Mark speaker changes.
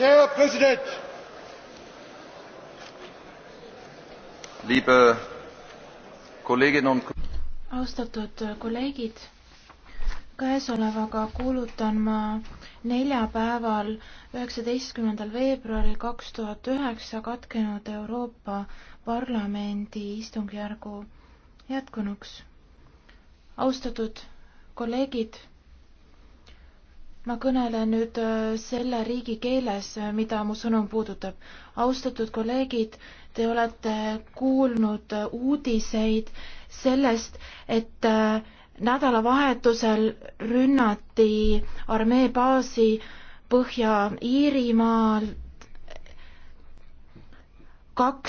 Speaker 1: herr präsident
Speaker 2: liebe kolleginnen und
Speaker 3: austatud kolleegid käesolevaga kuulutan ma neljapäeval üheksateistkümnendal veebruaril kaks tuhat üheksa katkenud euroopa parlamendi istungjärgu jätkunuks austatud kolleegid ma kõnelen nüüd äh, selle riigi keeles, äh, mida mu sõnum puudutab. austatud kolleegid, te olete kuulnud äh, uudiseid sellest, et nädalavahetusel rünnati armee baasi
Speaker 4: Põhja-Iirimaal kaks